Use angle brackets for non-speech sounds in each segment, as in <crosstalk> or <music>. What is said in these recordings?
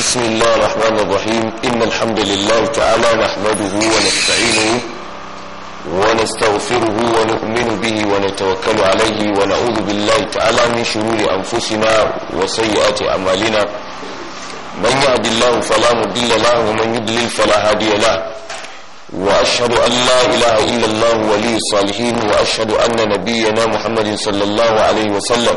بسم الله الرحمن الرحيم إن الحمد لله تعالى نحمده ونستعينه ونستغفره ونؤمن به ونتوكل عليه ونعوذ بالله تعالى من شرور أنفسنا وسيئات أعمالنا من يهد الله فلا مضل له ومن يضلل فلا هادي له وأشهد أن لا إله إلا الله ولي الصالحين وأشهد أن نبينا محمد صلى الله عليه وسلم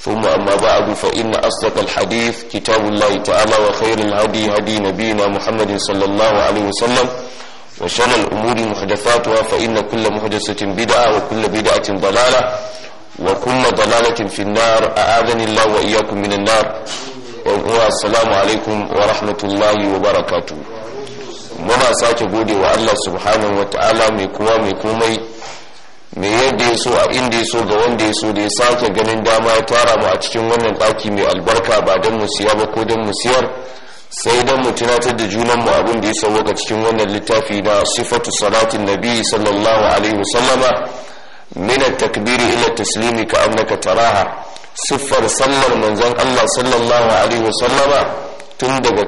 ثم أما بعد فإن أصدق الحديث كتاب الله تعالى وخير الهدي هدي نبينا محمد صلى الله عليه وسلم وشر الأمور محدثاتها فإن كل محدثة بدعة وكل بدعة ضلالة وكل ضلالة في النار أعاذني الله وإياكم من النار السلام عليكم ورحمة الله وبركاته muna sake gode wa Allah subhanahu wa ta'ala mai kowa mai komai mai yadda ya so a inda ya so ga wanda ya so da ya sake ganin dama ya tara mu a cikin wannan ɗaki mai albarka ba don mu siya ba ko don mu siyar sai don mu tunatar da junan mu abin da ya sauwa ga cikin wannan littafi na sifatu salatin nabi sallallahu alaihi wasallama min takbiri ila taslimi ka annaka taraha siffar sallar manzon Allah sallallahu alaihi wasallama tun daga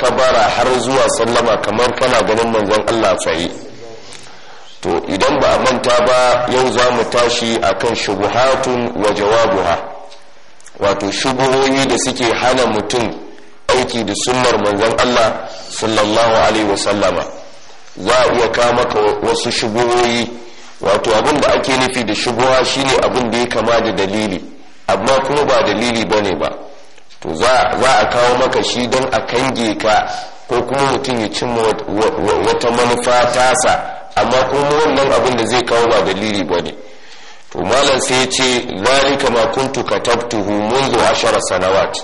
kabara har zuwa sallama kamar kana ganin manzon Allah tsaye to idan ba a manta ba yau za mu tashi a kan shubuhatun wa jawabuha wato shubuhoyi da suke hana mutum aiki da sunnar manzon Allah sallallahu alaihi wasallama za a iya kama ka wasu shubuhoyi wato abin da ake nufi da shubuha shine abin da ya kama da dalili amma kuma ba dalili bane ba to za a kawo maka shi don a kange ka ko kuma mutum ya cimma wata manufa tasa amma kuma wannan abin da zai kawo ba dalili ba ne to malam sai ya ce zalika ma kuntu katabtuhu منذ ashara sanawat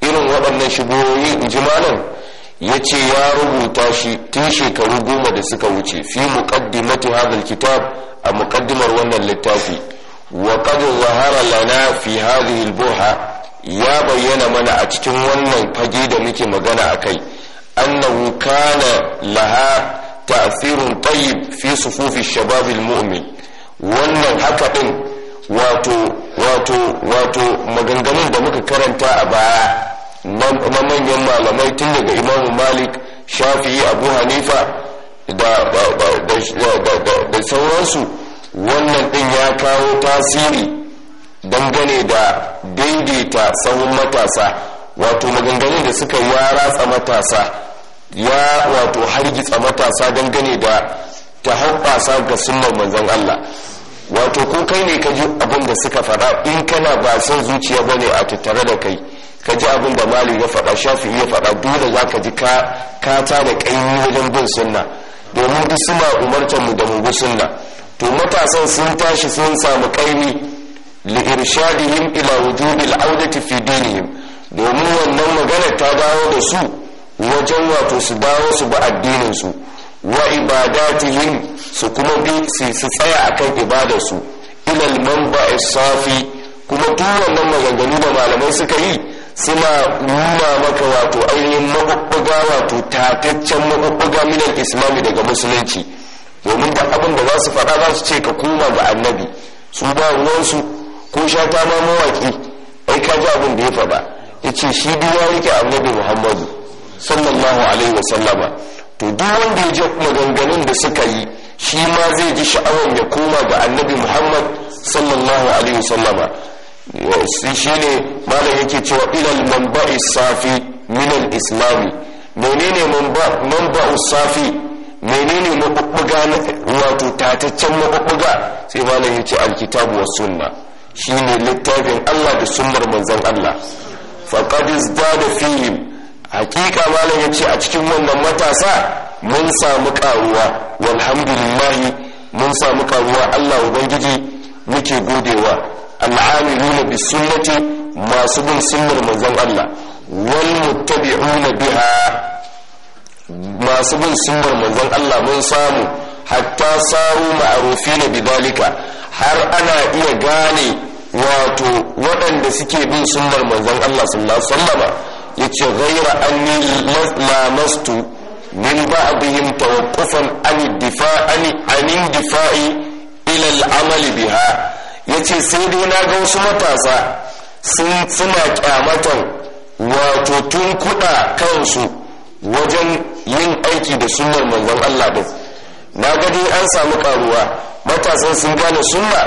irin waɗannan shigoyoyi in ji malam ya ce ya rubuta shi tun shekaru goma da suka wuce fi muqaddimati hadha kitab a muqaddimar wannan littafi wa qad zahara lana fi hadhihi al-burha ya bayyana mana a cikin wannan fage da muke magana akai annahu kana laha ta'thirun tayyib fi sufufi shabab almu'min wannan haka din wato wato wato maganganun da muka karanta a baya na manyan malamai tun daga imamu malik shafi abu hanifa da sauransu wannan din ya kawo tasiri dangane da daidaita sahun matasa wato maganganun da suka yaratsa matasa ya wato hargitsa matasa dangane da ta ga sunan manzon Allah wato ko kai ne ka ji abin da suka faɗa in kana ba son zuciya ba ne a tattare da kai ka ji abin da mali ya faɗa shafi ya faɗa dole za ka ji ka kata da ƙaimi wajen bin sunna domin duk suna umartar mu da mu bi sunna to matasan sun tashi sun samu ƙaimi li irshadihim ila wujubil audati fi dinihim domin wannan magana ta dawo da su wajen wato su dawo su ba addinin su wa ibadatihim su kuma bi su tsaya akan ibadar su ilal manba'i safi kuma duk wannan maganganu da malamai suka yi suna nuna maka wato ainihin mabubbuga wato tataccen mabubbuga minan islami daga musulunci domin da abin da za su faɗa za ce ka koma ga annabi su ba ruwansu ko sha ta ma mawaki ai ka ji abin da ya faɗa ya ce shi duk ya rike annabi muhammadu sallallahu alaihi sallama to duk wanda ya ji maganganun da suka yi shi ma zai ji sha'awar ya koma ga annabi muhammad sallallahu alaihi wasallama shi ne malam yake cewa ilal manba'i safi minal islami menene manba'u safi menene mabubbuga wato tataccen mabubbuga sai malam yake alkitabu was sunna shine littafin Allah da sunnar manzon Allah faqad izdada fihim hakika malam ya ce a cikin wannan matasa mun samu karuwa walhamdulillahi mun samu karuwa allah ubangiji muke godewa al'amilu bi sunnati masu bin sunnar manzon allah wal muttabi'una biha masu bin sunnar manzon allah mun samu hatta saru ma'arufina bidalika har ana iya gane wato waɗanda suke bin sunnar manzon allah sallallahu alaihi wasallam yace ghaira anni lamastu min ba'dihim tawaqqufan an difa'ani an difa'i ila al-amal biha yace sai dai na ga wasu matasa sun suna kyamatan wato tun kuɗa kansu wajen yin aiki da sunnar manzon Allah din na ga dai an samu karuwa matasan sun gane sunna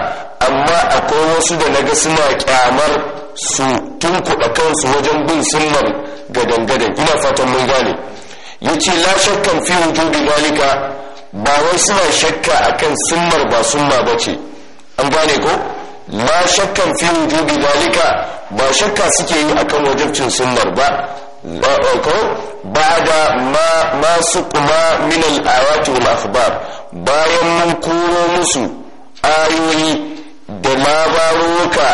amma akwai wasu da naga suna kyamar su tunkuɗa kansu wajen bin sunan gadan-gadan ina fatan mun gane ya ce la shakkan fi wujudi dalika ba wai suna shakka akan sunnar ba sunna ba ce an gane ko la shakkan fi wujudi dalika ba shakka suke yi akan wajibcin sunnar ba eh, ba da ma su kuma min al'awati wal akhbar bayan mun koro musu ayoyi da labaruka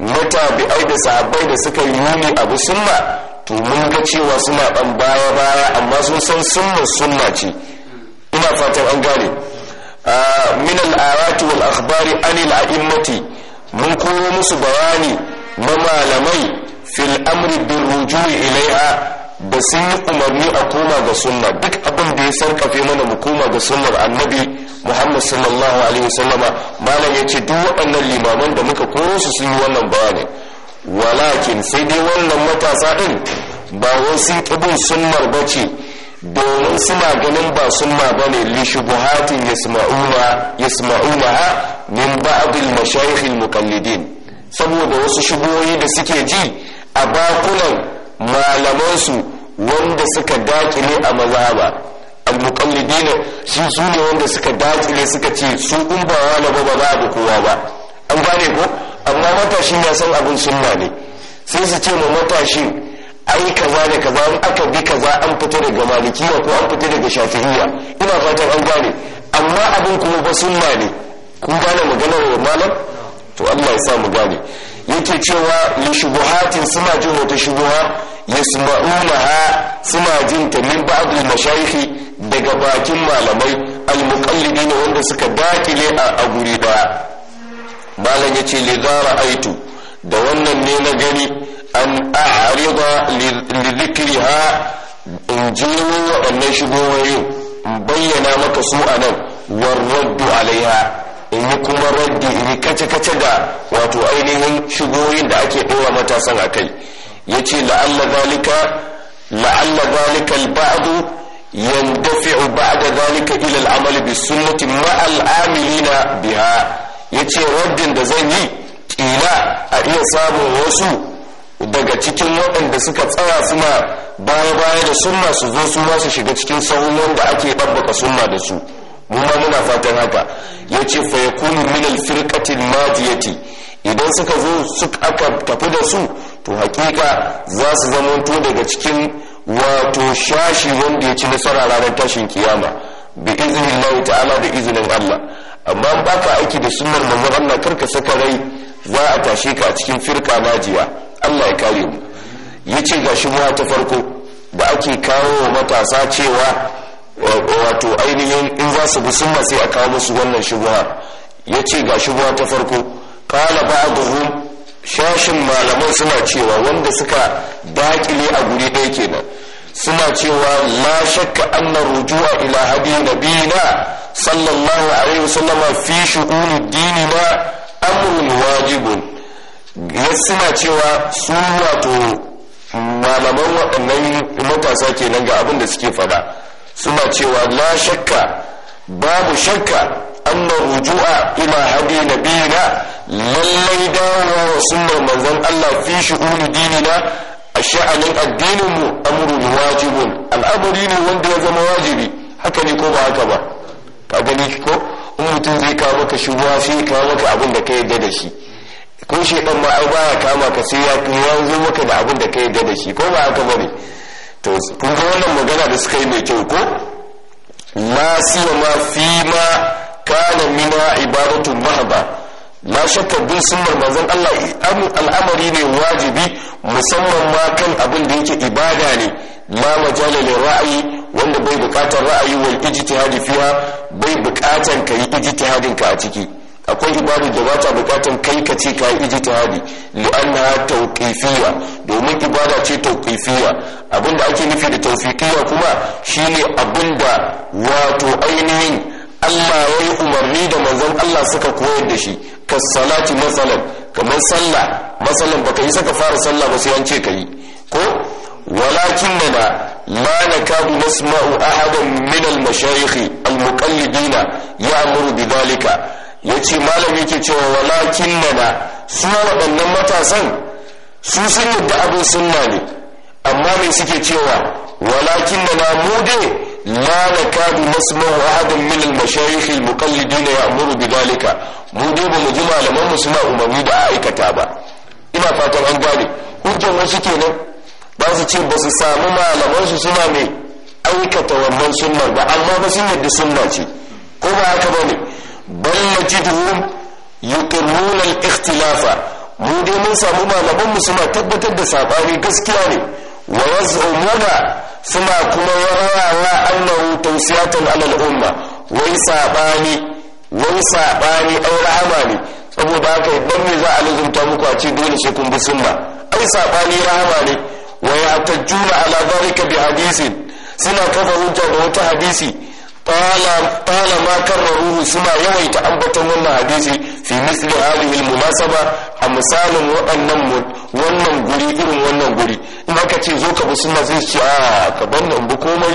matabi'ai da sabai da suka yi nuni abu sunna to mun ga cewa suna ɗan baya baya amma sun san sunna sunna ce ina fatan an gane min al'arati wal akhbari an a'immati mun koyo musu bayani na malamai fil amri bin rujui ilaiha da sun yi umarni a koma ga sunna duk abin da ya sarkafe mana mu koma ga sunnar annabi muhammad sallallahu alaihi wasallama malam ya ce duk waɗannan limaman da muka koro su sun yi wannan bayanin walakin sai dai wannan matasa ɗin ba wasu sun ƙi sunnar ba ce domin suna ganin ba sunna ba ne li shubuhatin yasma'una ha min ba'adul mashayikh mukallidin saboda wasu shigoyi da suke ji a bakunan malamansu wanda suka dakile a mazaba al-muqallidin shi su ne wanda suka dakile suka ce su in ba wala ba ba abu kowa ba an gane ko amma matashi ya san abin sunna ne sai su ce ma matashi ai kaza da kaza in aka bi kaza an fita daga malikiya ko an fita daga shafi'iyya ina fatan an gane amma abin kuma ba sunna ne kun gane maganar malam to Allah ya sa mu gane yake cewa li shubuhatin suna jin wata shubuha yasma'unaha suna jin ta min ba'd al-mashayikh daga bakin malamai al-muqallidin wanda suka dakile a guri ba malam yace li aitu da wannan ne na gani an a'rida li dhikriha in ji waɗannan shigowarin in bayyana maka su anan nan alaiha in yi kuma raddi in kace-kace da wato ainihin shigoyin da ake ɗora matasan a kai yace la'alla zalika la'alla zalika al-ba'd yandafi'u ba'da zalika ila al-amal bis sunnati ma'a amilina biha yace raddin da zan yi kila a iya samun wasu daga cikin waɗanda suka tsaya suna baya baya da sunna su zo su ma su shiga cikin sahun da ake babbaka sunna da su mu muna fatan haka yace ce yakunu min al-firqati idan suka zo suka tafi da su to hakika za su zamanto daga cikin wato shashi wanda ya ci nasara ranar tashin kiyama bi izinin Allah ta'ala da izinin Allah amma ba ka aiki da sunnar manzon Allah karka saka rai za a tashe ka a cikin firka najiya Allah ya kare mu yace ga shi ta farko da ake kawo wa matasa cewa eh, wato ainihin in za su bi sunna sai a kawo musu wannan shubuha yace ga shubuha ta farko qala ba'dhum shashin malaman suna cewa wanda suka dakile a guri ɗaya kenan suna cewa la shakka annar rujuwa ila hadi nabina sallallahu alaihi wasallama fi dini na amrun wajibun suna cewa su wato malaman waɗannan matasa kenan ga abin da suke faɗa suna cewa la shakka babu shakka amma ruju'a ila hadi nabiyina lallai dawowa wa sunnar Allah fi shuhuni dinina a sha'anin addinin mu amrun al'amari ne wanda ya zama wajibi haka ne ko ba haka ba ka gani ko in mutum zai kawo maka shubuwa sai ya kawo maka abin da ka yarda da shi ko shi dan ma ai baya kama ka sai ya yanzu maka da abin da ka yarda da shi ko ba haka bane to kun ga wannan magana da suka yi mai kyau ko la siya ma fi ma kana mina ibadatu mahaba la shakka bin sunnar manzon Allah al'amari ne wajibi musamman ma kan abin da yake ibada ne ma ra'ayi ra'ayi wanda bai bukatar ra'ayi wal ijtihadi fiha bai bukatar kai ijtihadin ka a ciki akwai ibadu da ba ta bukatar kai ka ce ka yi ijtihadi li'anna tawqifiyya domin ibada ce tawqifiyya abinda ake nufi da tawfiqiyya kuma shine abinda wato ainihin Allah ya yi umarni da manzon Allah suka koyar da shi ka salati masalan kamar sallah masalan baka yi saka fara sallah ba sai an ce ka yi ko walakin na la nakadu nasma'u ahadan min al-mashayikh al-muqallidina ya'muru bi dalika yace malami yake cewa walakin na su waɗannan matasan su sun da abin sunna ne amma me suke cewa walakin na mu dai لا نكاد نسمع أحد من المشايخ المقلدين يأمر بذلك مدوب مجمع لمن مسمع أمامي دعاء كتابة إما فاتن عن ذلك hujjar wasu kenan ba su ce ba su samu malaman su suna mai aikata wannan sunnar ba amma ba sun yadda sunna ce ko ba haka ba ne bal najiduhum yuqirruna ikhtilafa mu samu malaman mu tabbatar da sabari gaskiya ne wa suna kuma rawawa annahu tawsiyatan alal umma wai sabani wai sabani aw rahama ne saboda haka idan me za a lazumta muku a ce dole sai kun bi sunna ai sabani rahama ne wa ya tajuna ala dhalika bi hadisin suna kafa hujja da wata hadisi طال ما كرروه سنا يويت أنبتن ونا حديثي في مثل هذه المناسبة أمثال وأنم ونم قري إرم ونم قري إما كتي زوك بسنة زيش آه كبن أمبكومي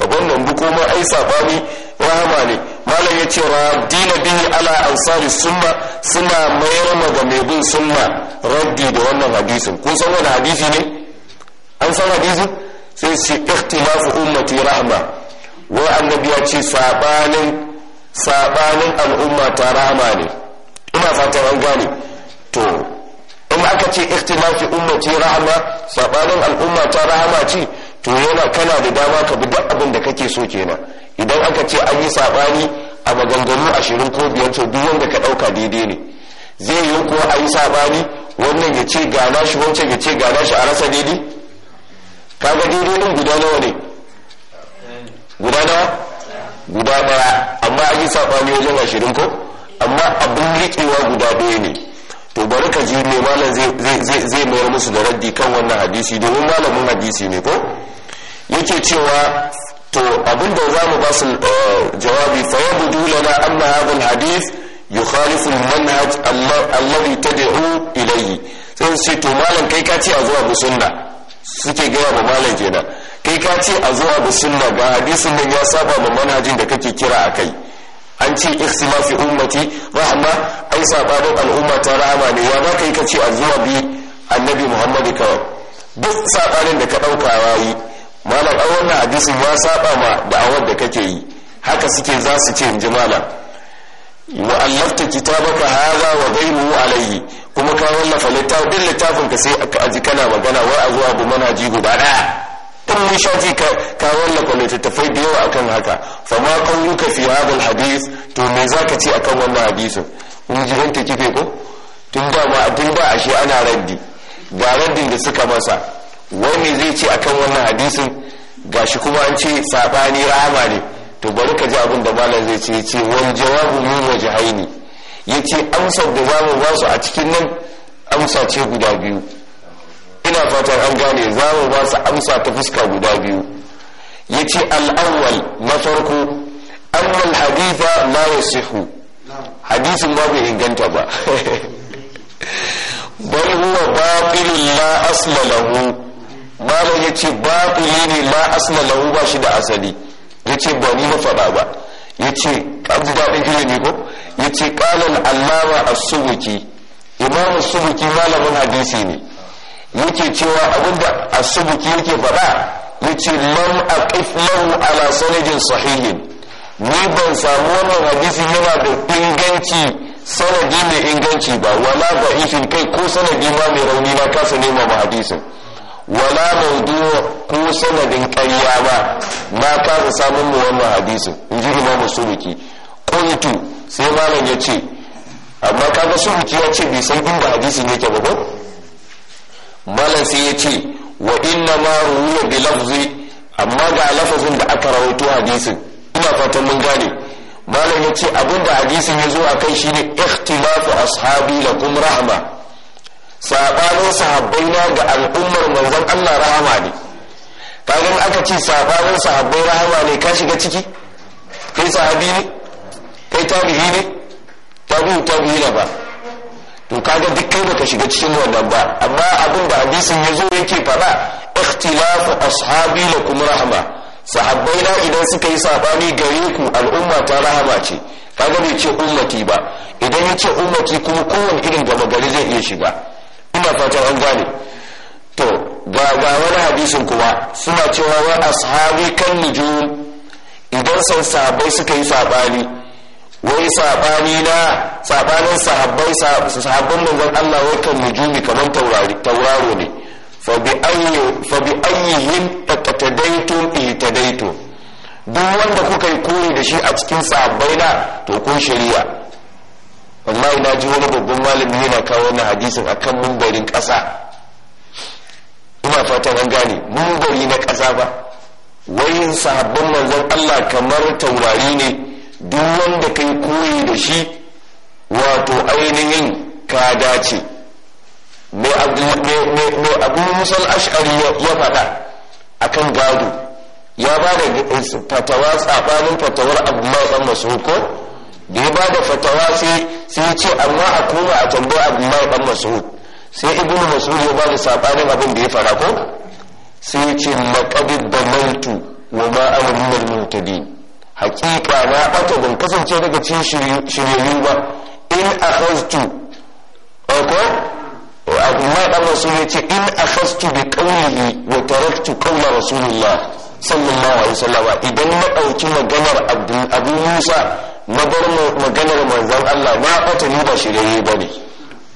كبن أمبكومي أي ساباني رحماني malam ya ce raddina bihi ala ansari sunna suna mayar ga mai bin sunna raddi da wannan hadisin kun san wani hadisi ne an san hadisin sai ce ikhtilafu ummati rahma wai annabi ya ce sabanin sabanin al'umma ta rama ne ina fatan an gane to in aka ce ikhtilafi ummati rahma sabanin al'umma ta rahama ce to yana kana da dama ka bi duk abin da kake so kenan idan aka ce an yi sabani a maganganu ashirin ko biyar to duk wanda ka dauka daidai ne zai yi kuwa a yi sabani wannan ya ce gana shi wancan ya ce ga nashi a rasa daidai kaga daidai din guda nawa ne guda daya amma an yi sabani wajen ashirin ko amma abin riƙewa guda ɗaya ne to bari ka ji me malam zai mayar musu da raddi kan wannan hadisi domin malamin hadisi ne ko yake cewa to abin da za mu ba eh, jawabi fa yabudu lana anna hadis alhadith yukhalifu almanhaj alladhi tad'u ilayhi sai su ce to malam kai ka ce a zuwa ga sunna suke gaya ma malam kenan kai ka ce a zuwa da sunna ga hadisin nan ya saba ma manhajin da kake kira a kai an ce ikhtima fi ummati rahma ai sabanin al'umma ta rahama ne ya baka yi ka a zuwa bi annabi muhammad kawai duk sabanin da ka dauka wayi malam a wannan hadisin ya saba ma da'awar da kake yi haka suke za su ce in ji malam wa allafta kitabaka hadha wa ghayruhu alayhi kuma ka wallafa littafin littafin ka sai aka aji kana magana wai a zuwa bu manhaji guda daya in mun shafi ka wallafa littattafai da yawa akan haka fa ma ka fi hadha hadis to me zaka ce akan wannan hadisin in ji ranta kife ko tun da ma tun da ashe ana raddi ga raddin da suka masa wani zai ce akan wannan hadisin gashi kuma an ce sabani rama ne to bari ka ji abin da malam zai ce ce wal jawabu min wajhaini yace amsar da zamu ba su a cikin nan amsa ce guda biyu ina fatan an gane za mu ba su amsa ta fuska guda biyu ya ce al'awwal na farko ammal haditha la sihu hadisin ba bai inganta ba <laughs> bal huwa batilun la asla lahu malam ce babili ne la asla lahu ba shi da asali ce ba ni na faɗa ba yace abu daɗin ilimi ko ce qalan allama a subuki imamu subuki malamin hadisi ne yake cewa abinda asubuki yake faɗa yace lam aqif lahu ala sanadin sahihin ni ban samu wannan hadisi yana da inganci sanadi mai inganci ba wala ifin kai ko sanadi ma mai rauni na kasa nema ma hadisin wala maudu ko sanadin ƙarya ba na kasa samun mu wannan hadisin in ji imamu subuki qultu sai malam yace amma kaga subuki ya ce bai san inda hadisin yake ba ko malam sai ya ce wa inna ma ruwa bi lafzi amma ga lafazin da aka rawaito hadisin ina fatan mun gane malam ya ce abinda hadisin ya zo a kai shi shine ikhtilafu ashabi lakum rahma sabanin sahabbai na ga al'ummar manzon Allah rahama ne kaga aka ce sabanin sahabbai rahama ne ka shiga ciki kai sahabi ne kai tabi'i ne tabi'u tabi'i ba to kaga duk kai baka shiga cikin wannan ba amma abin da hadisin ya zo yake fara ikhtilafu ashabi lakum rahma sahabbai na idan suka yi sabani gare ku al'umma ta rahama ce kaga bai ce ummati ba idan ya ce ummati kuma kowane irin gaba gari zai iya shiga ina fatan an gane to ga ga wani hadisin kuma suna cewa wa ashabi kan nujum idan san sahabbai suka yi sabani wai sabani na sabanin sahabbai sahabban manzon Allah wai kan nujumi kamar taurari tauraro ne fa bi ayyi fa bi ayyihim taqtadaytum ihtadaytum duk wanda kuka yi koyi da shi a cikin sahabbai na to kun shari'a wallahi na ji wani babban malami yana kawo wannan hadisin akan mumbarin ƙasa ina fatan an gane mumbari na ƙasa ba wai sahabban manzon Allah kamar taurari ne duk wanda kai koyi da shi wato ainihin ka dace mai abu musal ash'ari ya faɗa akan gado ya ba da fatawa tsabanin fatawar abu matsan masuko da ya ba da fatawa sai ce amma a koma a tambo abu matsan masuko sai ibnu masud ya ba da sabanin abin da ya faɗa ko sai ce da damantu wa ma amrun mutadin hakika na ɓata ban kasance daga cikin shiryayyu ba in akhaztu eh, ko eh, abdullahi dan rasul ya ce in akhastu bi qawlihi wa taraktu qawla rasulillah sallallahu alaihi wasallam idan na dauki maganar abu musa na bar maganar manzon Allah na fata ni ba shirye bane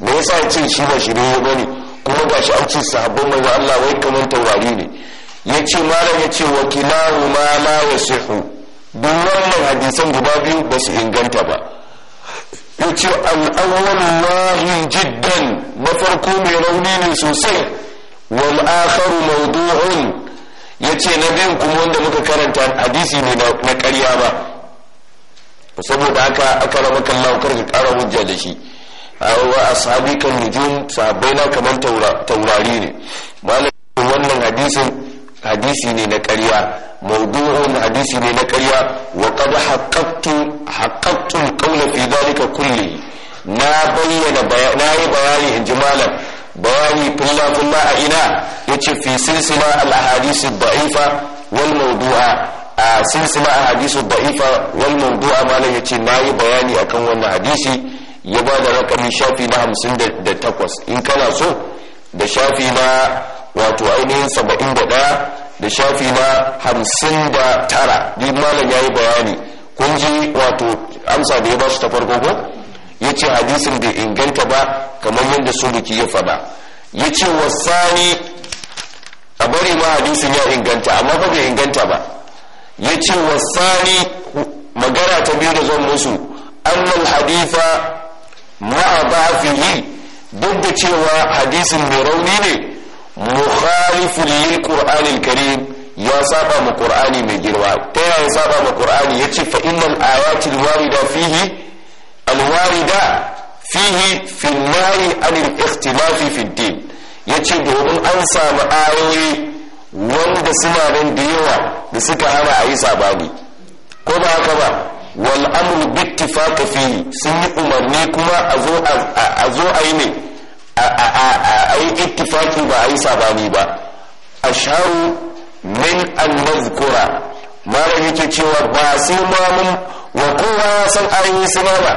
me yasa ce shi ba shirye ne kuma ba shi an ce sahabban manzon Allah wai kamar taurari ne yace malam yace wa kilahu ma la yasihu duk wannan hadisan guda biyu ba su inganta ba ya ce al'awwal lahi jiddan mafarko mai rauni ne sosai wal akharu mawdu'un yace na biyun kuma wanda muka karanta hadisi ne na karya ba saboda haka aka rama kallon karka kara hujja da shi a wa ashabi kan nujum sabai na kamar taurari ne malamin wannan hadisin hadisi ne na ƙarya mawdu'un hadisi ne na ƙarya wa qad haqqaqtu haqqaqtu al fi dhalika kulli na bayyana na yi bayani inji malam bayani kulla kulla a ina yace fi silsila al ahadith da'ifa wal mawdu'a a silsila ahadith da'ifa wal mawdu'a malam yace na yi bayani akan wannan hadisi ya ba da rakami shafi na 58 in kana so da shafi na wato ainihin saba'in da ɗaya da shafi na hamsin da tara ni malam ya yi bayani kun ji wato amsa da ya ba su ta farko ko ya ce hadisin bai inganta ba kamar yadda suluki ya faɗa ya ce wasani a bari ma hadisin ya inganta amma ba bai inganta ba ya ce wasani magana ta biyu da zan musu annal hadifa ma'a ba duk da cewa hadisin mai rauni ne mukhalifun lil qur'anil karim ya saba ma qur'ani mai girma ta yaya saba ma qur'ani yace fa innal ayati alwarida fihi alwarida fihi fi nari anil ikhtilafi fi din yace domin an samu ayoyi wanda suna nan da yawa da suka hana ayi yi sabani ko ba haka ba wal amru bittifaqi fihi sun yi umarni kuma a zo a yi ne a yi ittifaki ba a yi sabani ba a sha'u min an mazkura malam yake cewa ba sai mun wa kowa san ayoyi suna ba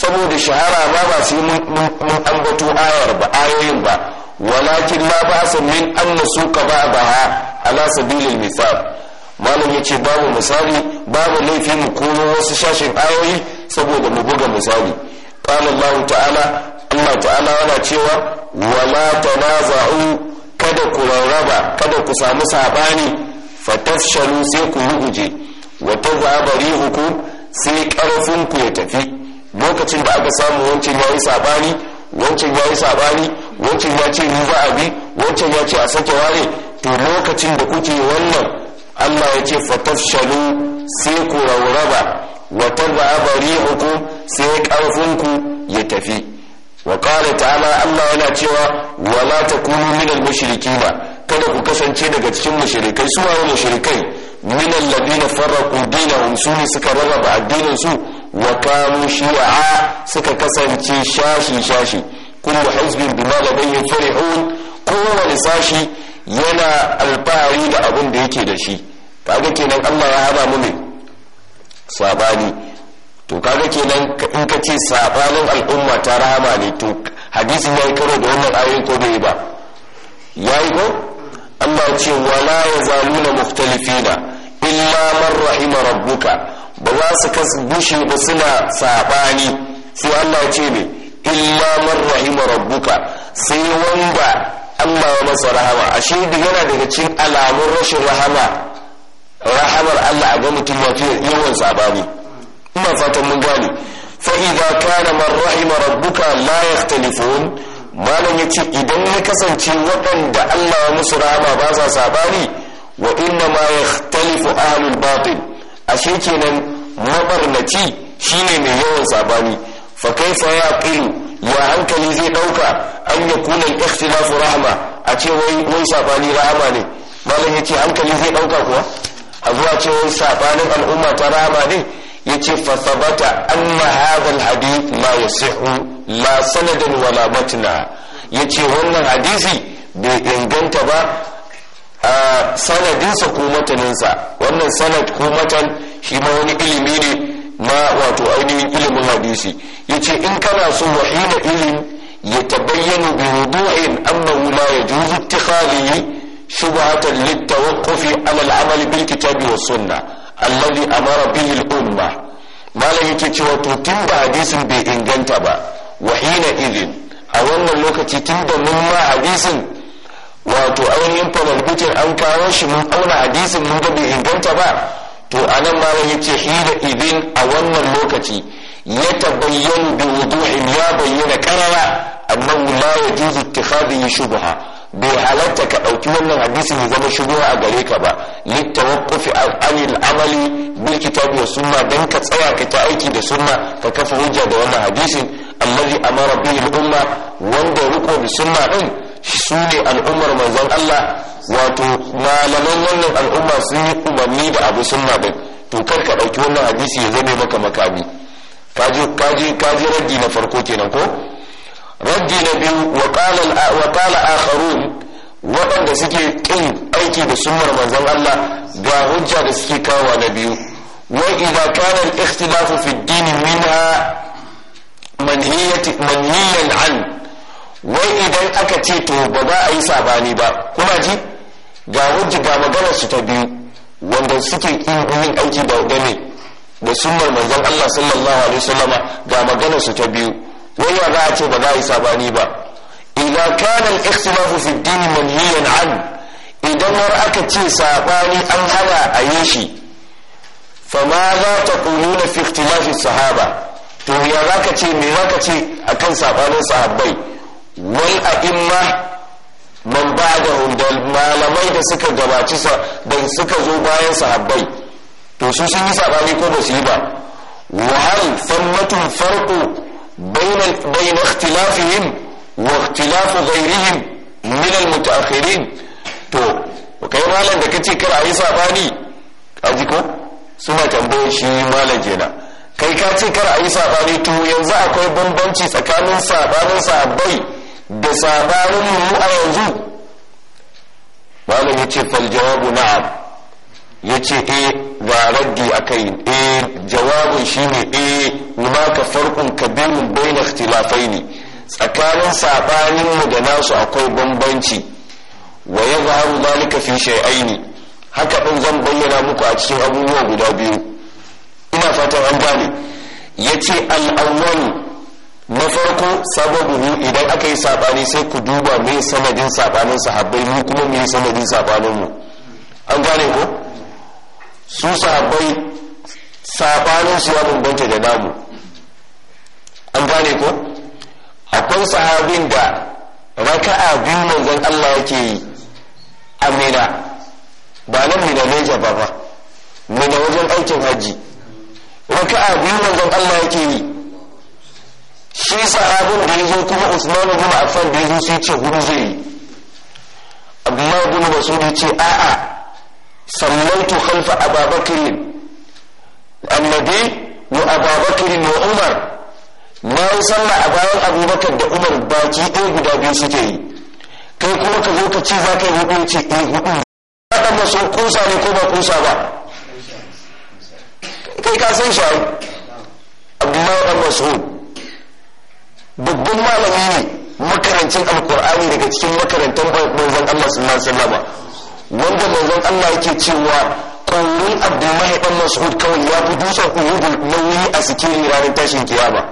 saboda shahara ma ba sai mun ambato ayar ba ayoyin ba walakin ma ba su min an suka ba baha ala sabilin misal malam yace babu misali babu laifin mu koyo wasu shashin ayoyi saboda mu buga misali qala ta'ala Allah ta'ala yana cewa wala tanaza'u kada ku rarraba kada ku samu sabani tafshalu sai ku ruguje wa tazaba rihukum sai karfin ku ya tafi lokacin da aka samu wancan yayi sabani wancan yayi sabani wancan ya ce ni za a bi wancan ya ce a sake ware to lokacin da kuke wannan Allah ya ce tafshalu sai ku rarraba wa tazaba rihukum sai karfin ku ya tafi wa qala ta'ala Allah yana cewa wala takunu minal ba kada ku kasance daga cikin mashirikai su waye mashirikai min alladina farraqu dinahum su ne suka rarraba addinin su wa kanu shi'a suka kasance shashi shashi kullu hizbin bima ladayhim farihun kowane sashi yana alfahari da abin da yake da shi kaga kenan Allah ya hada mu ne sabani to kaga kenan in ka ce sabanin al'umma ta rahama ne to hadisin ya yi karo da wannan ayoyin ko bai ba ya yi ko Allah ce wala ya zaluna muftalifina illa man rahima rabbuka ba za su kas bushe ba suna sabani sai Allah ce ne illa man rahima rabbuka sai wanda Allah ya masa rahama ashe yana daga cikin alamun rashin rahama rahamar Allah a ga mutum da yawan sabani ina fatan mun gane fa idza kana man rahima rabbuka la yakhtalifun malam yace idan ya kasance waɗanda Allah ya musu rahama ba sa sabani wa inna ma yakhtalifu ahlul batil ashe kenan mabarnaci shine mai yawan sabani fa kaifa yaqilu ya hankali zai dauka an yakuna al-ikhtilafu rahma a ce wai wai sabani rahama ne malam yace hankali zai dauka kuwa a zuwa ce wai sabanin al'umma ta rahama ne yace fa sabata anna hadha alhadith ma yasihu la sanadan wala matna yace wannan hadisi bai inganta ba a sanadinsa ko mataninsa wannan sanad ko matan shi ma wani ilimi ne ma wato ainihin ilimin hadisi yace in kana so wahima ilim يتبين بوضوح أنه لا يجوز اتخاذه شبهة للتوقف bil kitabi بالكتاب والسنة alladhi amara bihi al-umma malam yake cewa to tun ba hadisin bai inganta ba wa hina idin a wannan lokaci tun da mun ma hadisin wato ainihin famalbutin an kawo shi mun auna hadisin mun ga bai inganta ba to anan malam yace hina idin a wannan lokaci ya tabayyanu bi wuduhin ya bayyana qarara annahu la yajuzu ittikhadhihi shubha bai halarta ka ɗauki wannan hadisi ya zama shigowa a gare ka ba littawakkufi al'amil amali bil kitabi wa sunna dan ka tsaya ka ta aiki da sunna ka kafa hujja da wannan hadisin allazi amara bihi umma wanda ruko bi sunna din su ne al'ummar manzon Allah wato malaman wannan al'umma sun yi umarni da abu sunna din to kar ka ɗauki wannan hadisi ya zama maka makami kaji kaji kaji raddi na farko kenan ko raddi na biyu wa qala akharun waɗanda suke ƙin aiki da sunnar manzon Allah ga hujja da suke kawo na biyu wa idza kana al-ikhtilafu fi ad-din minha manhiyan an wai idan aka ce to ba za a yi sabani ba kuma ji ga hujja ga maganar su ta biyu wanda suke yin aiki da gane da sunnar manzon Allah sallallahu alaihi wasallama ga maganar su ta biyu wai ya za a ce ba za a yi sabani ba idan kanan ikhtilafu fi dini manhiyan an idan har aka ce sabani an hana a yi shi fa ma za ta kununa fi ikhtilafi sahaba to ya za ka ce me za ka ce akan sabanin sahabbai wal a'imma man ba da malamai da suka gabaci da suka zo bayan sahabbai to su sun yi sabani ko ba su yi ba wahal hal farko بين بين اختلافهم واختلاف غيرهم من المتأخرين to kai malam da kace kar a yi sabani kaji suna tambayar shi malam kenan kai ka ce kar a yi sabani to yanzu akwai bambanci tsakanin sabanin sahabbai da sabanin mu a yanzu malam yace fal jawabu na'am ya ce e ba raddi a kai eh jawabin shi ne eh, ka farkon kabilun bai na tilafai ne tsakanin saɓaninmu da nasu akwai bambanci wa ya zaharu zalika fi ne haka ɗin zan bayyana muku a cikin abubuwa guda biyu ina fatan an gane ya ce al'awwal na farko sababu idan aka yi saɓani sai ku duba mai sanadin saɓanin sahabbai mu kuma mai sanadin saɓaninmu an gane ko su sahabbai sabanin su ya bambanta da namu an gane ko akwai sahabin da raka'a biyu manzon Allah yake yi amina ba nan mina ne ba ba mina wajen aikin hajji raka'a biyu manzon Allah yake yi shi sahabin da yazo kuma Usman ibn Affan da yazo sai ce hudu zai yi Abdullah ibn Mas'ud ce a'a صليت خلف أبا بكر النبي وأبا بكر وعمر ما يسمى أبا أبو بكر وعمر باكي إيه بدا بيسكي kai kuma ka zo ka ce za ka yi hudu ce kusa ne ko ba kusa ba kai ka san shi ai abdullahi ɗan babban malami ne makarancin alkur'ani daga cikin makarantar manzon allah sallallahu alaihi wanda manzon Allah yake cewa kurin abdullahi dan mas'ud kawai ya fi dusar uhudul nauyi a sikirin ranar tashin kiyama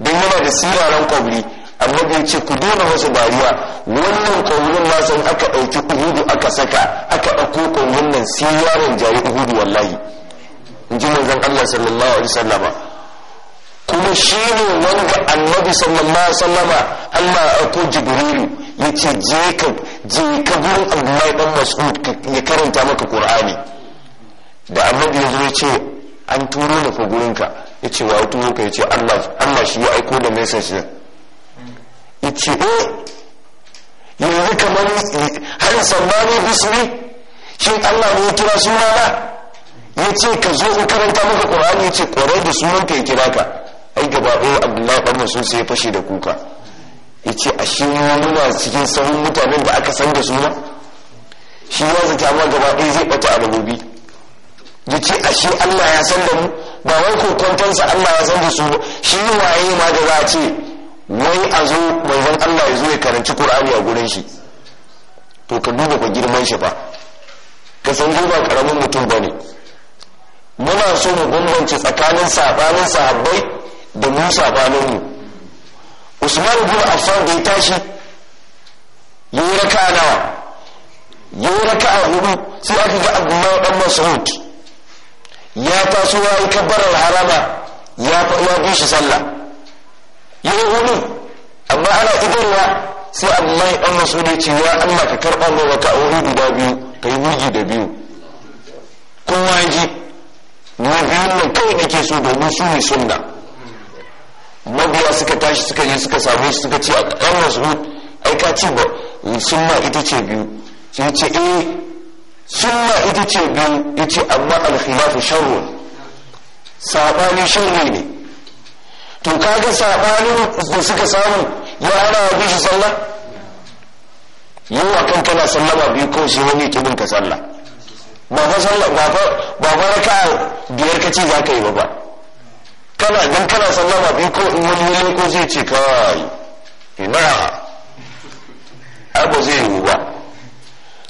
don yana da siraran kwabri amma ya ce ku dona wasu bariya wannan kwaunin ma aka ɗauki uhudu aka saka aka ɗauko kwaunin nan siraran yaron jari uhudu wallahi in ji manzon Allah sallallahu alaihi wasallama kuma shi ne wanda annabi sallallahu sallama wasallama Allah ko jibrilu ya je ka je ka gurin Abdullahi dan Mas'ud ya karanta maka Qur'ani da annabi ya zo ya ce an turo da fa gurin ka yace wa ya turo ka ce Allah Allah shi ya aiko da message din yace eh yanzu kamar har sallani bismi shin Allah ne ya kira sunana ce ka zo in karanta maka Qur'ani ce kwarai da sunanta ya kira ka ai gaba ɗaya abdullahi ɗan sun sai fashe da kuka ya ce a shi muna cikin sauran mutanen da aka san da suna shi ya zata ma gaba ɗaya zai ɓata a gobe ya ce a shi allah ya san da mu ba wai kwantansa allah ya san da su ba shi waye ma da za a ce wai a zo zan allah ya zo ya karanci kur'ani a gurin shi to ka duba ba girman shi ba ka san ba karamin mutum ba ne muna so mu bambance tsakanin sabanin sahabbai da domin sabaninmu usman bin affan da ya tashi ya yi raka nawa ya yi raka a hudu sai aka ga abdullahi dan mas'ud ya taso ya yi kabbarar harama ya bi shi sallah ya yi hudu amma ana idarwa sai mai dan mas'ud ya ce ya Allah ka karɓa mai raka a guda biyu ka yi da biyu kowa ya ji na biyun nan kawai nake so domin su ne sunna magoya suka tashi suka yi suka same shi suka ce a ɗan mas'ud ai ka ce ba ma ita ce biyu sai ce eh ma ita ce biyu ce amma al-khilafu sharrun saɓani sharri ne to kaga saɓani da suka samu ya hana wa bishi sallah a kan tana sallama biyu ko sai wani kibin ka sallah ba fa sallah ba fa ba fa raka'a biyar kace ka yi ba ba kana dan kana sallama biyu ko in wani ne ko zai ce kai ina abu zai yi ba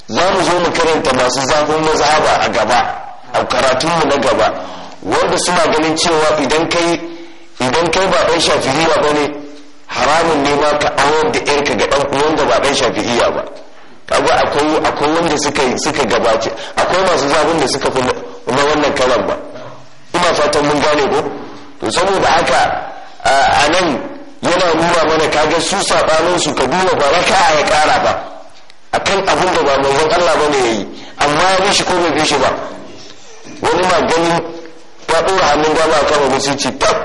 za mu zo mu karanta masu zafin mazhaba a gaba a karatunmu na gaba wanda suna ganin cewa idan kai idan kai ba dan shafi'iyya ba ne haramun ne ma ka awar da yarka ga dan uwan da ba dan shafi'iyya ba kaga akwai akwai wanda suka suka gabace akwai masu zafin da suka fi wannan kalan ba ina fatan mun gane ko to saboda haka a nan yana nuna mana kaga su saɓanin su ka duba ba raka ya kara ba a kan abin da ba manzon Allah ne yayi amma ya mishi ko bai bishi ba wani ma ganin ya ɗora hannun dama kan wani sun ci tab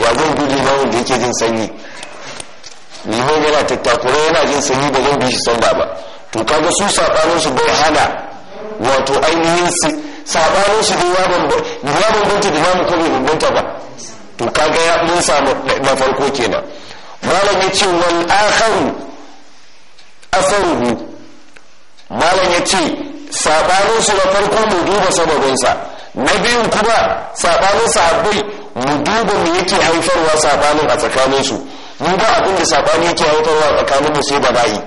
ya zan gudu na wanda yake jin sanyi liman yana tattakura yana jin sanyi ba zan bishi san ba to kaga su saɓanin su bai hana wato ainihin su sabanin su da ya bambanta da namu ko bai bambanta ba to kaga mun samu na farko kenan malam ya ce wal akharu asaruhu malam ya ce sabanin su na farko mu duba sababinsa na biyu kuma sabanin sahabbai mu duba me yake haifarwa sabanin a tsakanin su mu ga abin da sabani yake haifarwa a tsakanin mu sai bayi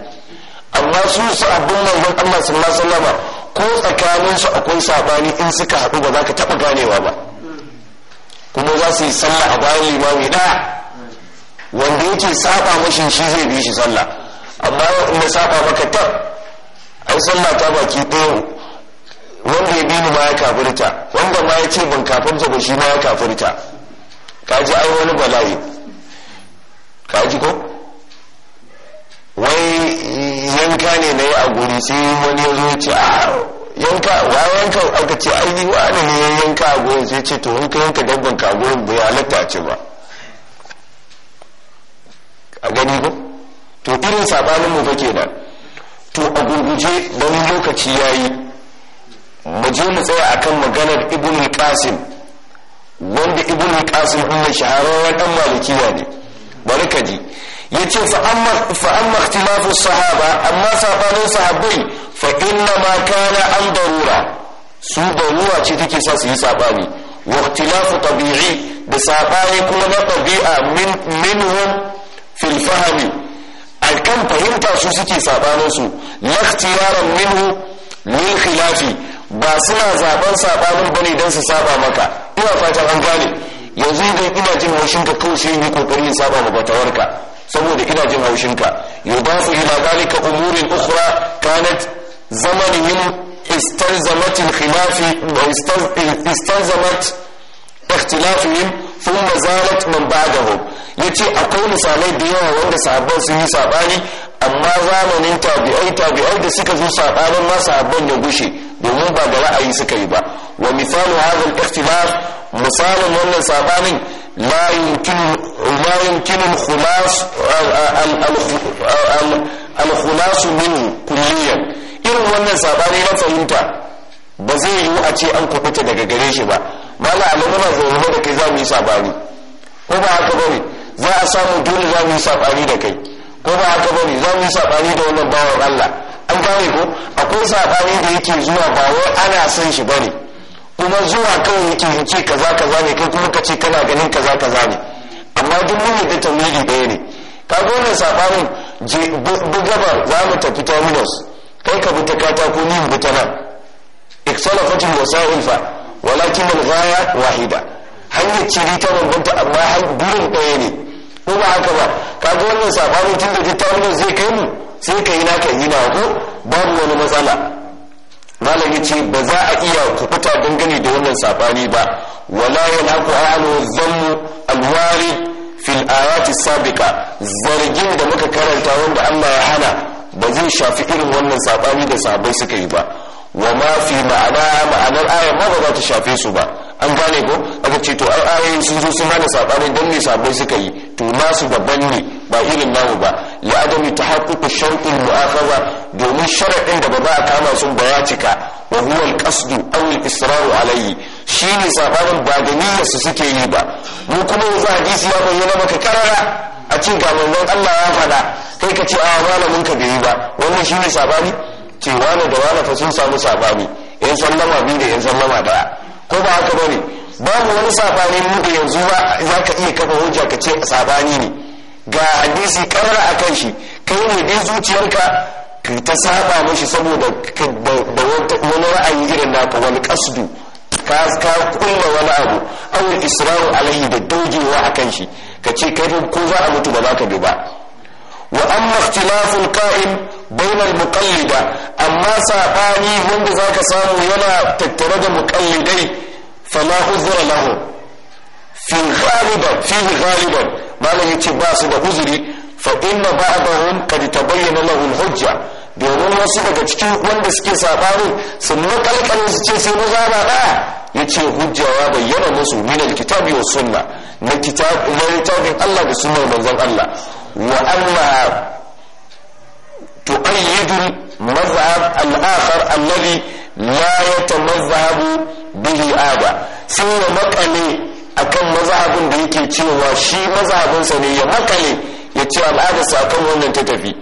amma su sabbin manzon Allah sallallahu alaihi wasallam ko tsakanin su akwai sabani in suka haɗu ba za ka taɓa ganewa ba kuma za su yi sallah a bayan limami da wanda yake saba mashi shi zai bi shi sallah amma in saba maka ta ai sallah ta baki ɗaya wanda ya bini ma ya kafirta wanda ma ya ce ban kafirta ba shi ma ya kafirta kaji ai wani bala'i kaji ko wai yanka ne na yi a guri sai wani ya zo ce a yanka wa yanka aka ce ai wani ne yanka a gurin sai ce to in yanka dabban ka gurin bai halatta ce ba a gani ba to irin sabanin mu fa kenan to a gurguje don lokaci yi mu je mu tsaya akan maganar ibn qasim wanda ibn qasim din shahararren dan malikiya ne bari ka ji yace fa amma fa amma ikhtilafu sahaba amma sabanin sahabbai fa inna ma kana an darura su darura ce take sa su yi sabani wa ikhtilafu tabi'i da sabani kuma na tabi'a min minhum akan fahimta su suke sabanin su la ikhtiyaran minhu lil khilafi ba suna zaben sabanin bane dan su saba maka ina fatan an gane yanzu idan ina jin haushin ka kawai sai yi kokari in saba ma batawarka saboda ina jin haushin ka yudafu ila zalika umurin ukhra kanat زمنهم استلزمت الخلاف واستلزمت اختلافهم ثم زالت من بعدهم yace akwai misalai da yawa wanda sahabban sun yi sabani amma zamani tabi'ai tabi'ai da suka zo sabanin ma sahabban ya gushe domin ba da ra'ayi suka yi ba wa misalu hadha al-ikhtilaf misalin wannan sabanin la yumkinu la kulliyan irin wannan sabani na fahimta ba zai yiwu a ce an kubuta daga gare shi ba mala alamuna zaune da kai za mu yi sabani ko ba haka bane za a samu dole za mu yi sabani da kai ko ba haka bane za mu yi sabani da wannan bawan Allah an gane ko akwai sabani da yake zuwa ba wai ana son shi bane kuma zuwa kawai yake ce kaza kaza ne kai kuma ka ce kana ganin kaza kaza ne amma duk mun yi da tamiri ɗaya ne kaga wannan sabanin bugaba za mu tafi terminus kai ka bi ta katako ni bi ta nan ikhtalafatil wasa'il fa walakin al-ghaya wahida hanyar ciri ta bambanta amma gurin daya ne ko ba haka ba ka ga wannan safari tun da ta zai kai mu sai ka yi naka yi na ko babu wani matsala malami ce ba za a iya kukuta dangane da wannan safari ba wala ku ahlu dhammu alwari fil ayati sabiqa zargin da muka karanta wanda Allah ya hana ba zai shafi irin wannan sabani da sabai suka yi ba wa ma fi ma'ana ma'anar ayar ma ba za ta shafe su ba an gane ko aka ce to ai ayoyi sun zo sun hana sabani dan ne sabai suka yi to nasu daban ne ba irin namu ba ya adami tahaqquq a mu'akhadha domin sharaɗin da ba za a kama sun ba ya cika wa huwa alƙasdu aw al-israr alayhi shine sabanin ba da niyyar su suke yi ba mu kuma yanzu hadisi ya bayyana maka karara a cikin ga manzon Allah ya faɗa kai ka ce a ah, malamin ka bai yi ba wannan shine sabani ce wani da wani fa sun samu sabani yan sallama biyu da yan sallama daya ko ba haka bane mu wani sabani mu da yanzu ba za ka iya kafa hujja ka ce sabani ne ga hadisi karara a kan shi kai ne dai zuciyarka ta saba mishi saboda da wani ra'ayi irin naka wani kasdu ka ka kulla wani abu awul isra'u alaihi da dogewa kan shi ka ce kai ko za a mutu ba za ka bi ba wa amma ikhtilaful qa'im bainal muqallida amma sabani wanda zaka samu yana tattare da muqallidai fala uzr lahu fi ghaliba fi ghaliba malam yace ba su da uzuri fa inna ba'dahum qad tabayyana lahu al hujja domin wasu daga cikin wanda suke sabani sun makalkalin su ce sai maza na ɗaya ya ce hujjawa bayyana musu min alkitabi wa sunna na kitabin allah da sunnar manzon allah وأما تؤيد المذهب الآخر الذي لا يتمذهب به آبا سوى مكالي أكم مذهب بيك yake شي مذهب سنية ne ya الآبا ya ce تتفي akan wannan ta tafi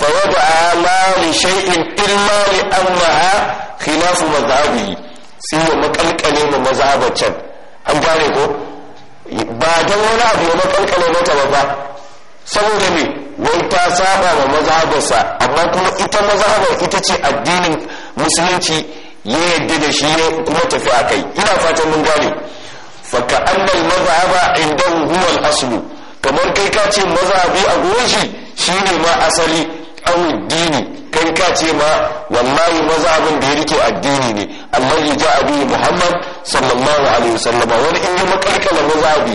فوضعها لا لشيء إلا لأنها خلاف مذهبه سوى مكالكالي أليم مذهب can an gane ba don wani abu ya makankane mata ba ba saboda ne wai ta saba wa mazhabarsa amma kuma ita mazhabar ita ce addinin musulunci ya yadda da shi ne kuma tafi a kai ina fatan mun gane faka annal mazhaba indahu huwa al-aslu kamar kai ka ce mazhabi a gurin shi shine ma asali aw dini kai ka ce ma wallahi maza abin da ya rike addini ne amma ija abu muhammad sallallahu alaihi wasallam wani in ya makarkala mazhabi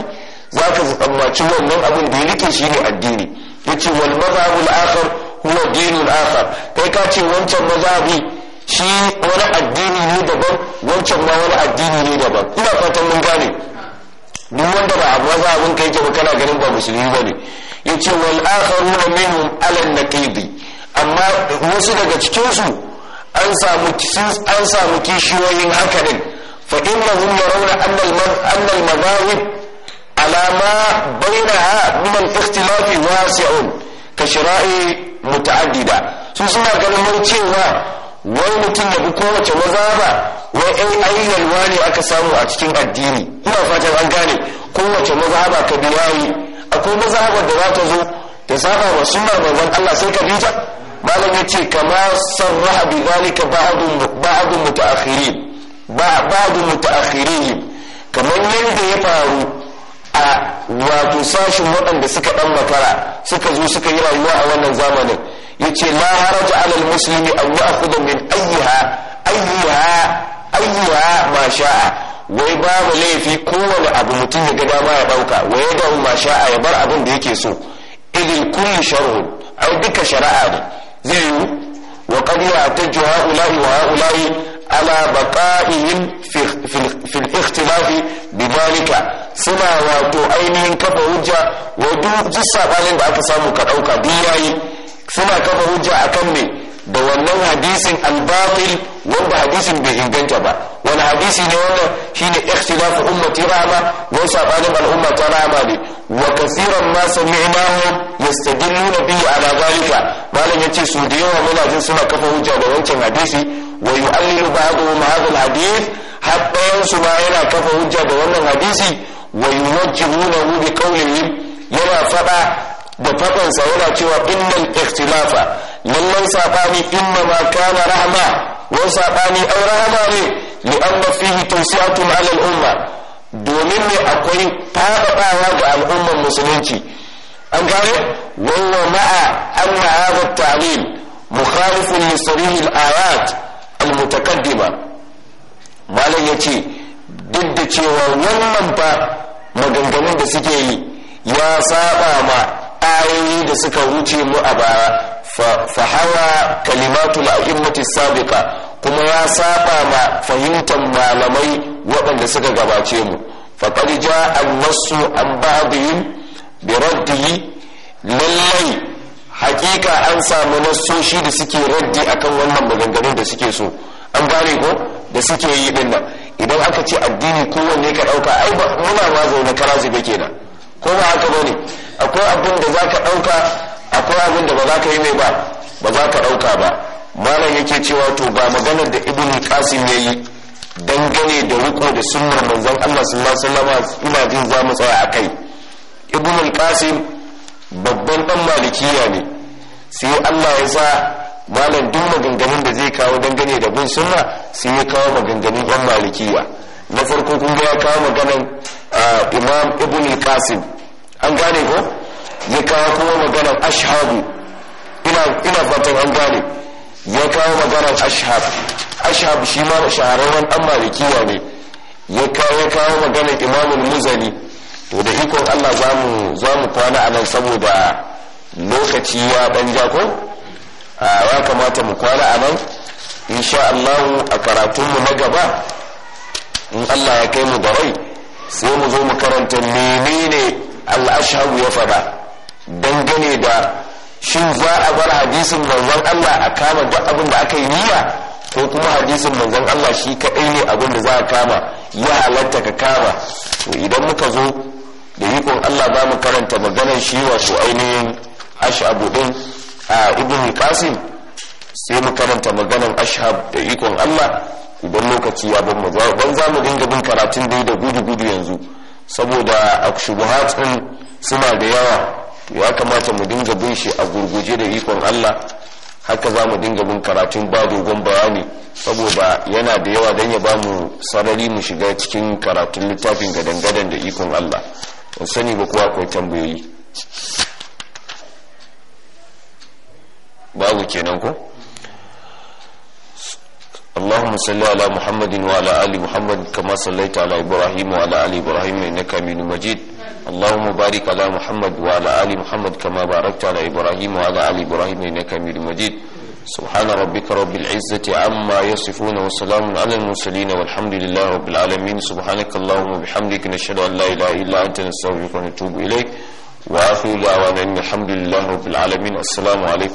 za ka tsammaci wannan abin da ya rike shi ne addini ya yace wal mazhabul akhar huwa dinul akhar kai ka ce wancan mazhabi shi wani addini ne daban wancan ma wani addini ne daban ina fatan mun gane duk wanda ba abu mazhabin kai ke kana ganin ba musulmi ba ne bane yace wal akharuna minhum ala naqidi amma wasu daga cikinsu an samu an samu kishiyoyin haka din fa innahum yarawna anna al-anna al-madawib ala ma bainaha min al-ikhtilaf wasi'un ka shira'i muta'addida su suna ganin mai cewa wai mutum ya bi kowace mazaba wai ai ayyalwa ne aka samu a cikin addini ina fatan an gane kowace ba ka biyayi akwai mazabar da za ta zo ta saba wa sunnar manzon Allah sai ka bi ta malam yace kama sarraha bi zalika ba'adu ba'd mutaakhirin ba'd mutaakhirin kamar yadda ya faru a wato sashin waɗanda suka ɗan makara suka zo suka yi rayuwa a wannan zamanin yace la haraja alal muslimi an ya'khudha min ayyiha ayyiha ayyiha ma sha'a wai babu laifi kowane abu mutum ya ga dama ya ɗauka wai ya da ma sha'a ya bar abin da yake so idil kulli sharu ai duka shari'a ne zai yi wa qad ya'taju ha'ula'i wa ha'ula'i ala baqa'ihim fi al-ikhtilaf bidhalika suna wato ainihin kafa hujja wa duk sabanin da aka samu ka ɗauka duk yayi suna kafa hujja akan me da wannan hadisin al wanda hadisin bai inganta ba wani hadisi ne wannan shine ikhtilafu ummati rahma wa sabanin al'umma ta rahma ne وكثيرا ما سمعناهم يستدلون به على ذلك ما لم يتي سوديا ومنا جنسنا كفى هجا بوانشن حديثي ويؤلل بعضهم هذا الحديث حتى ينسوا ما ينا كفى هجا بوانا حديثي ويوجهونه بقولهم ينا فقع بفقن سولا تيوى إن الاختلاف لمن سابعني إنما كان رحمة وسابعني أو رحمة لأن فيه توسعة على الأمة domin ne akwai faɗaɗawa ga al'ummar musulunci an gane wanda ma'a an ma'azar ta'lil mukhalifin li sarihil al-mutaqaddima malam ce duk da cewa wannan ba maganganun da suke yi ya saba ma ayoyi da suka wuce mu a baya fa hawa kalimatul a'immati sabiqa kuma ya saba ma fahimtar malamai waɗanda suka gabace mu faƙar ja an wasu an ba'adihim da lallai hakika an samu nasoshi da suke raddi akan wannan maganganun da suke so an gane ko da suke yi din nan idan aka ce addini kowanne ka ɗauka ai ba muna ma zaune kara zube kenan ko ba haka ne akwai abin da za ka ɗauka akwai abin da ba za ka yi mai ba ba za ka ɗauka ba malam yake cewa to ba maganar da ibn qasim yayi dangane da riko da sunnar manzon Allah sallallahu alaihi wasallam ina jin za mu tsaya akai ibn qasim babban dan malikiya ne sai Allah ya sa malam duk maganganun da zai kawo dangane da bin sunna sai ya kawo maganganun dan malikiya na farko kun ga ya kawo maganar imam ibn qasim an gane ko ya kawo kuma maganar ashhabu ina ina fatan an gane ya kawo maganar ashab ashab shi ma shahararren dan malikiya ne ya kawo kawo maganar imamul muzani to da ikon allah za mu kwana a nan saboda lokaci ya dan jako ya kamata mu kwana a nan insha allahu a karatunmu na gaba in allah ya kai mu barai sai mu zo mu karanta menene al'ashab ya faɗa dangane da shin za a bar hadisin manzon Allah a kama duk abin da aka yi niyya ko kuma hadisin manzon Allah shi kaɗai ne abin da za a kama ya halatta ka kama to idan muka zo da ikon Allah za mu karanta maganar shi wato ainihin ash'abu din a ibn qasim sai mu karanta maganar ashab da ikon Allah idan lokaci ya ban za mu dinga bin karatun dai da gudu gudu yanzu saboda a suna da yawa ya kamata mu dinga bin shi a gurguje da ikon Allah haka za mu dinga bin karatun ba dogon bayani saboda yana da yawa don ya ba mu sarari mu shiga cikin karatun littafin gadangadan da ikon Allah in sani ba kuwa akwai tambayoyi babu kenan ko اللهم صل على محمد وعلى آل محمد كما صليت على إبراهيم وعلى آل إبراهيم إنك حميد مجيد اللهم بارك على محمد وعلى آل محمد كما باركت على إبراهيم وعلى آل إبراهيم إنك حميد مجيد سبحان ربك رب العزة عما يصفون وسلام على المرسلين والحمد لله رب العالمين سبحانك اللهم وبحمدك نشهد أن لا إله إلا أنت نستغفرك ونتوب إليك وآخر دعوانا الحمد لله رب العالمين السلام عليكم